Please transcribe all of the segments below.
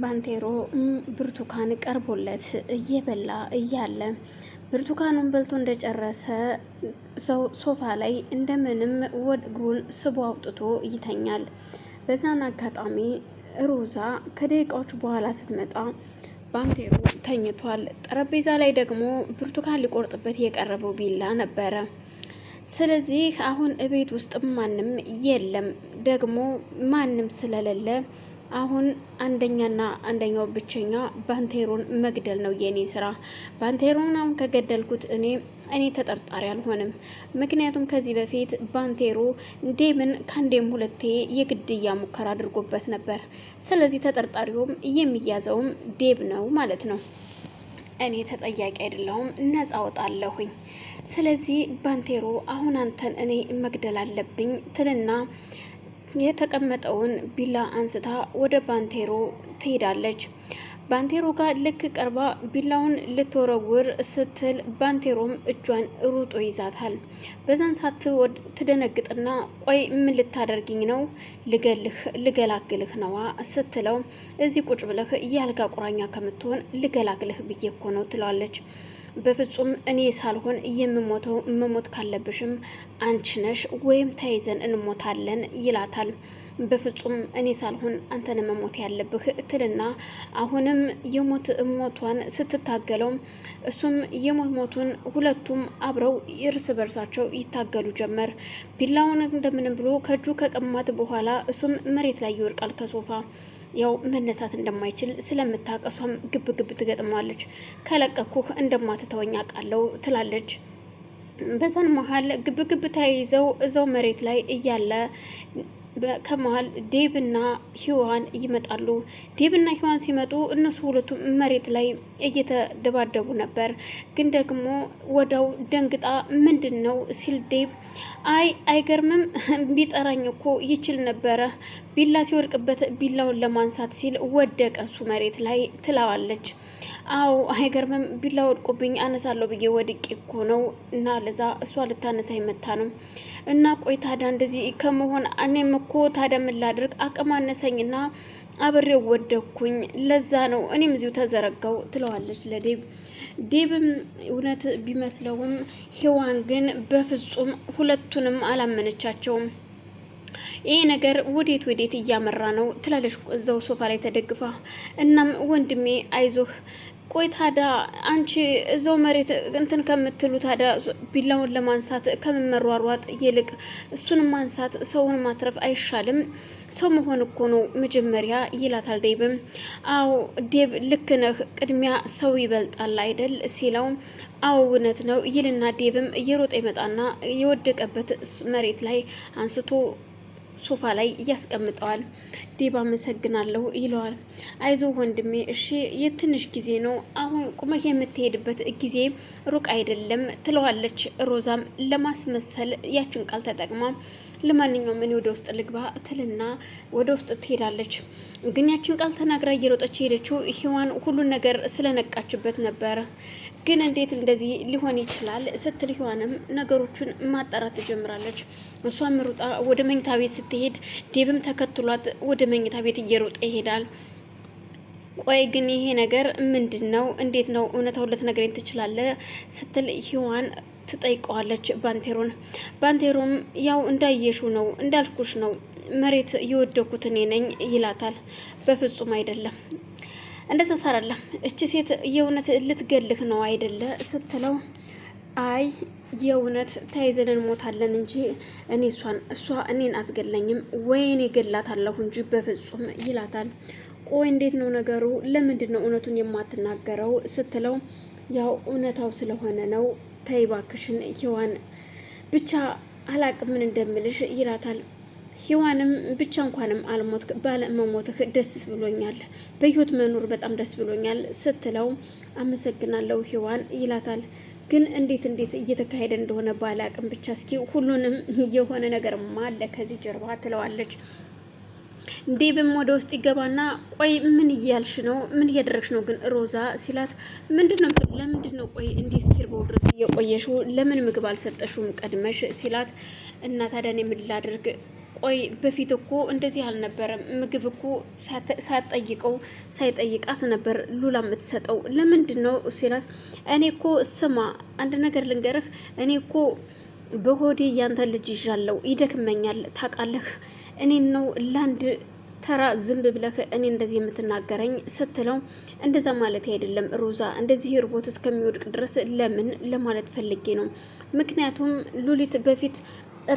ባንቴሮ ብርቱካን ቀርቦለት እየበላ እያለ ብርቱካኑን በልቶ እንደጨረሰ ሰው ሶፋ ላይ እንደምንም ወደ እግሩን ስቦ አውጥቶ ይተኛል። በዛን አጋጣሚ ሮዛ ከደቂቃዎች በኋላ ስትመጣ ባንቴሮ ተኝቷል። ጠረጴዛ ላይ ደግሞ ብርቱካን ሊቆርጥበት የቀረበው ቢላ ነበረ። ስለዚህ አሁን እቤት ውስጥ ማንም የለም። ደግሞ ማንም ስለሌለ አሁን አንደኛና አንደኛው ብቸኛ ባንቴሮን መግደል ነው የኔ ስራ። ባንቴሮን አሁን ከገደልኩት እኔ እኔ ተጠርጣሪ አልሆንም። ምክንያቱም ከዚህ በፊት ባንቴሮ ዴምን ከአንዴም ሁለቴ የግድያ ሙከራ አድርጎበት ነበር። ስለዚህ ተጠርጣሪውም የሚያዘውም ዴብ ነው ማለት ነው። እኔ ተጠያቂ አይደለሁም፣ ነጻ ወጣለሁኝ። ስለዚህ ባንቴሮ አሁን አንተን እኔ መግደል አለብኝ ትልና የተቀመጠውን ቢላ አንስታ ወደ ባንቴሮ ትሄዳለች። ባንቴሮ ጋር ልክ ቀርባ ቢላውን ልትወረውር ስትል ባንቴሮም እጇን ሩጦ ይዛታል። በዛን ሰዓት ትደነግጥና ቆይ ምን ልታደርግኝ ነው? ልገልህ ልገላግልህ ነዋ ስትለው እዚህ ቁጭ ብለህ የአልጋ ቁራኛ ከምትሆን ልገላግልህ ብዬ እኮ ነው ትለዋለች። በፍጹም እኔ ሳልሆን የምሞተው መሞት ካለብሽም አንቺ ነሽ፣ ወይም ተይዘን እንሞታለን ይላታል። በፍጹም እኔ ሳልሆን አንተን መሞት ያለብህ እትልና አሁንም የሞት ሞቷን ስትታገለው እሱም የሞት ሞቱን ሁለቱም አብረው እርስ በርሳቸው ይታገሉ ጀመር። ቢላውን እንደምንም ብሎ ከእጁ ከቀማት በኋላ እሱም መሬት ላይ ይወድቃል ከሶፋ ያው መነሳት እንደማይችል ስለምታቀሷም ግብ ግብ ትገጥመዋለች። ከለቀኩህ እንደማትተወኝ አውቃለሁ ትላለች። በዛን መሀል ግብ ተያይዘው እዛው መሬት ላይ እያለ ከመሀል ዴብና ሂዋን ይመጣሉ። ዴብና ሂዋን ሲመጡ እነሱ ሁለቱም መሬት ላይ እየተደባደቡ ነበር። ግን ደግሞ ወዳው ደንግጣ ምንድን ነው ሲል ዴብ አይ አይገርምም፣ ቢጠራኝ እኮ ይችል ነበረ፣ ቢላ ሲወድቅበት ቢላውን ለማንሳት ሲል ወደቀ እሱ መሬት ላይ ትላዋለች። አዎ አይገርምም፣ ቢላ ወድቆብኝ አነሳለሁ ብዬ ወድቄ እኮ ነው እና ለዛ እሷ ልታነሳ ይመታ ነው እና ቆይታዳ እንደዚህ ከመሆን እኔም እኮ እኮ ታዲያ ምን ላድርግ አቅም አነሰኝና አብሬው ወደኩኝ። ለዛ ነው እኔም እዚሁ ተዘረጋው ትለዋለች ለዴብ። ዴብም እውነት ቢመስለውም ሄዋን ግን በፍጹም ሁለቱንም አላመነቻቸውም። ይሄ ነገር ወዴት ወዴት እያመራ ነው ትላለች፣ እዛው ሶፋ ላይ ተደግፋ። እናም ወንድሜ አይዞህ ቆይ ታዳ አንቺ እዛው መሬት እንትን ከምትሉ ታዳ ቢላውን ለማንሳት ከምመሯሯጥ ይልቅ እሱን ማንሳት ሰውን ማትረፍ አይሻልም? ሰው መሆን እኮ ነው መጀመሪያ ይላታል ዴብም። አዎ ዴብ ልክ ነህ፣ ቅድሚያ ሰው ይበልጣል አይደል ሲለው አዎ እውነት ነው ይልና ዴብም እየሮጠ ይመጣና የወደቀበት መሬት ላይ አንስቶ ሶፋ ላይ እያስቀምጠዋል። ዲባ አመሰግናለሁ ይለዋል። አይዞ ወንድሜ፣ እሺ የትንሽ ጊዜ ነው። አሁን ቁመህ የምትሄድበት ጊዜ ሩቅ አይደለም ትለዋለች። ሮዛም ለማስመሰል ያችን ቃል ተጠቅማ ለማንኛውም እኔ ወደ ውስጥ ልግባ ትልና ወደ ውስጥ ትሄዳለች። ግን ያችን ቃል ተናግራ እየሮጠች ሄደችው ሔዋን ሁሉን ነገር ስለነቃችበት ነበር ግን እንዴት እንደዚህ ሊሆን ይችላል ስትል ህዋንም ነገሮቹን ማጣራት ትጀምራለች። እሷም ሩጣ ወደ መኝታ ቤት ስትሄድ ዴብም ተከትሏት ወደ መኝታ ቤት እየሮጠ ይሄዳል። ቆይ ግን ይሄ ነገር ምንድን ነው? እንዴት ነው እውነታውን ልትነግረኝ ትችላለህ? ስትል ሂዋን ትጠይቀዋለች ባንቴሮን። ባንቴሮም ያው እንዳየሹ ነው እንዳልኩሽ ነው መሬት የወደኩት እኔ ነኝ ይላታል። በፍጹም አይደለም እንደዛ ሰራላ እቺ ሴት የእውነት ልትገልህ ነው አይደለ ስትለው አይ የእውነት ተያይዘን እንሞታለን እንጂ እኔ እሷን እሷ እኔን አትገለኝም፣ ወይኔ ገላታለሁ እንጂ በፍጹም ይላታል። ቆይ እንዴት ነው ነገሩ? ለምንድን ነው እውነቱን የማትናገረው? ስትለው ያው እውነታው ስለሆነ ነው ተይባክሽን፣ ሔዋን ብቻ አላቅ ምን እንደምልሽ ይላታል። ሂዋንም ብቻ እንኳንም አልሞት ባለ ባለመሞትህ ደስ ብሎኛል፣ በህይወት መኖር በጣም ደስ ብሎኛል ስትለው አመሰግናለሁ ሂዋን ይላታል። ግን እንዴት እንዴት እየተካሄደ እንደሆነ ባለ አቅም ብቻ እስኪ ሁሉንም የሆነ ነገር ማለ ከዚህ ጀርባ ትለዋለች። ዴብም ወደ ውስጥ ይገባና ቆይ ምን እያልሽ ነው? ምን እያደረግሽ ነው ግን ሮዛ ሲላት ምንድን ነው ለምንድን ነው ቆይ እንዲህ እስኪርበው ድረስ እየቆየሽው ለምን ምግብ አልሰጠሽውም ቀድመሽ ሲላት እና ታዲያ እኔ ምን ላድርግ ቆይ በፊት እኮ እንደዚህ አልነበረም። ምግብ እኮ ሳትጠይቀው ሳይጠይቃት ነበር ሉላ የምትሰጠው ለምንድን ነው ሲላት፣ እኔ እኮ ስማ አንድ ነገር ልንገርህ፣ እኔ እኮ በሆዴ ያንተ ልጅ ይዣለሁ፣ ይደክመኛል ታውቃለህ። እኔን ነው ለአንድ ተራ ዝንብ ብለህ እኔ እንደዚህ የምትናገረኝ ስትለው እንደዛ ማለት አይደለም ሮዛ፣ እንደዚህ ርቦት እስከሚወድቅ ድረስ ለምን ለማለት ፈልጌ ነው። ምክንያቱም ሉሊት በፊት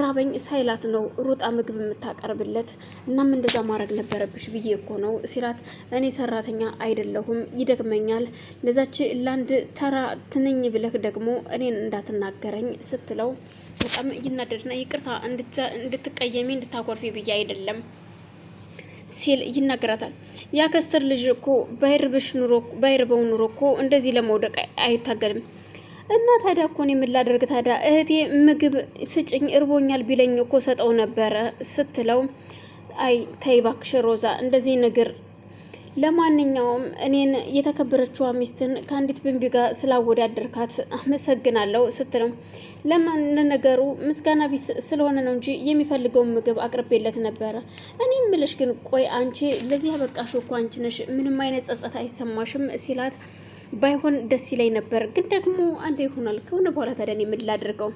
ራበኝ ሳይላት ነው ሩጣ ምግብ የምታቀርብለት። እናም እንደዛ ማድረግ ነበረብሽ ብዬ እኮ ነው ሲላት፣ እኔ ሰራተኛ አይደለሁም ይደግመኛል፣ ለዛች ለአንድ ተራ ትንኝ ብለህ ደግሞ እኔን እንዳትናገረኝ ስትለው በጣም ይናደድና ይቅርታ እንድትቀየሚ እንድታኮርፊ ብዬ አይደለም ሲል ይናገራታል። ከስተር ልጅ እኮ ባይርብሽ ኑሮ ባይርበው ኑሮ እኮ እንደዚህ ለመውደቅ አይታገልም። እና ታዲያ እኮ እኔ ምን ላደርግ ታዲያ እህቴ ምግብ ስጭኝ እርቦኛል ቢለኝ እኮ ሰጠው ነበረ ስትለው አይ ተይ እባክሽ ሮዛ እንደዚህ ነገር ለማንኛውም እኔን የተከበረችው ሚስትን ከአንዲት ብንቢ ጋር ስላወዳደርካት አመሰግናለሁ ስትልም ነገሩ ምስጋና ቢስ ስለሆነ ነው እንጂ የሚፈልገውን ምግብ አቅርቤለት ነበረ። እኔ ምልሽ ግን ቆይ አንቺ ለዚህ ያበቃሽ እኮ አንቺ ነሽ፣ ምንም አይነት ጸጸት አይሰማሽም ሲላት ባይሆን ደስ ይለኝ ነበር፣ ግን ደግሞ አንድ ይሆናል ከሆነ በኋላ ታዲያ ምን ላደርገው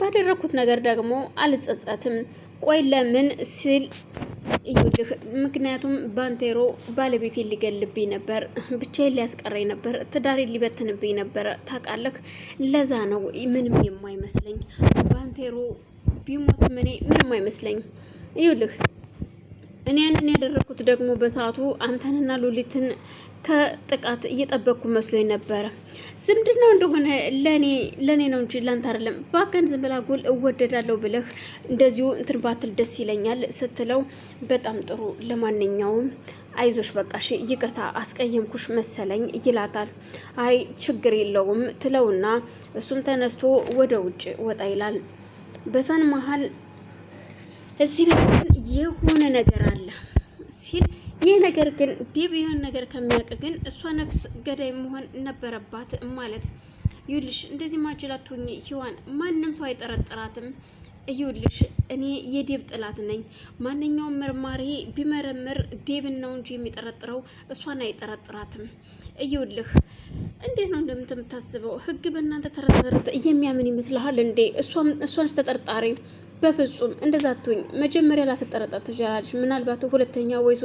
ባደረግኩት ነገር ደግሞ አልጸጸትም። ቆይ ለምን ሲል ይኸውልህ ምክንያቱም ባንቴሮ ባለቤቴ ሊገልብኝ ነበር፣ ብቻዬን ሊያስቀረኝ ነበር፣ ትዳሬን ሊበትንብኝ ነበር ታውቃለህ፣ ለዛ ነው ምንም የማይመስለኝ። ባንቴሮ ቢሞትም እኔ ምንም አይመስለኝም። ይኸውልህ እኔ ያንን ያደረግኩት ደግሞ በሰዓቱ አንተንና ሉሊትን ከጥቃት እየጠበቅኩ መስሎኝ ነበረ። ዝምድናው እንደሆነ ለኔ ለኔ ነው እንጂ ላንተ አይደለም። ባከን ዝም ብላ ጎል እወደዳለሁ ብለህ እንደዚሁ እንትን ባትል ደስ ይለኛል ስትለው በጣም ጥሩ፣ ለማንኛውም አይዞሽ በቃሽ፣ ይቅርታ አስቀየምኩሽ መሰለኝ ይላታል። አይ ችግር የለውም ትለውና እሱም ተነስቶ ወደ ውጭ ወጣ ይላል። በዛን መሀል እዚህ የሆነ ነገር አለ ሲል ይህ ነገር ግን ዲብ የሆነ ነገር ከሚያውቅ ግን እሷ ነፍስ ገዳይ መሆን ነበረባት ማለት ይኸውልሽ፣ እንደዚህ ማችላት ሆኜ ማንም ሰው አይጠረጥራትም። ይኸውልሽ እኔ የዴብ ጥላት ነኝ። ማንኛውም ምርማሪ ቢመረምር ዴብን ነው እንጂ የሚጠረጥረው እሷን አይጠረጥራትም። ይኸውልህ እንዴት ነው እንደምታስበው? ህግ በእናንተ ተረት የሚያምን ይመስልሃል እንዴ? እሷን እሷን ተጠርጣሪ በፍጹም እንደዛ አትሆኝ። መጀመሪያ ላትጠረጠር ትችላለች። ምናልባት ሁለተኛ ወይ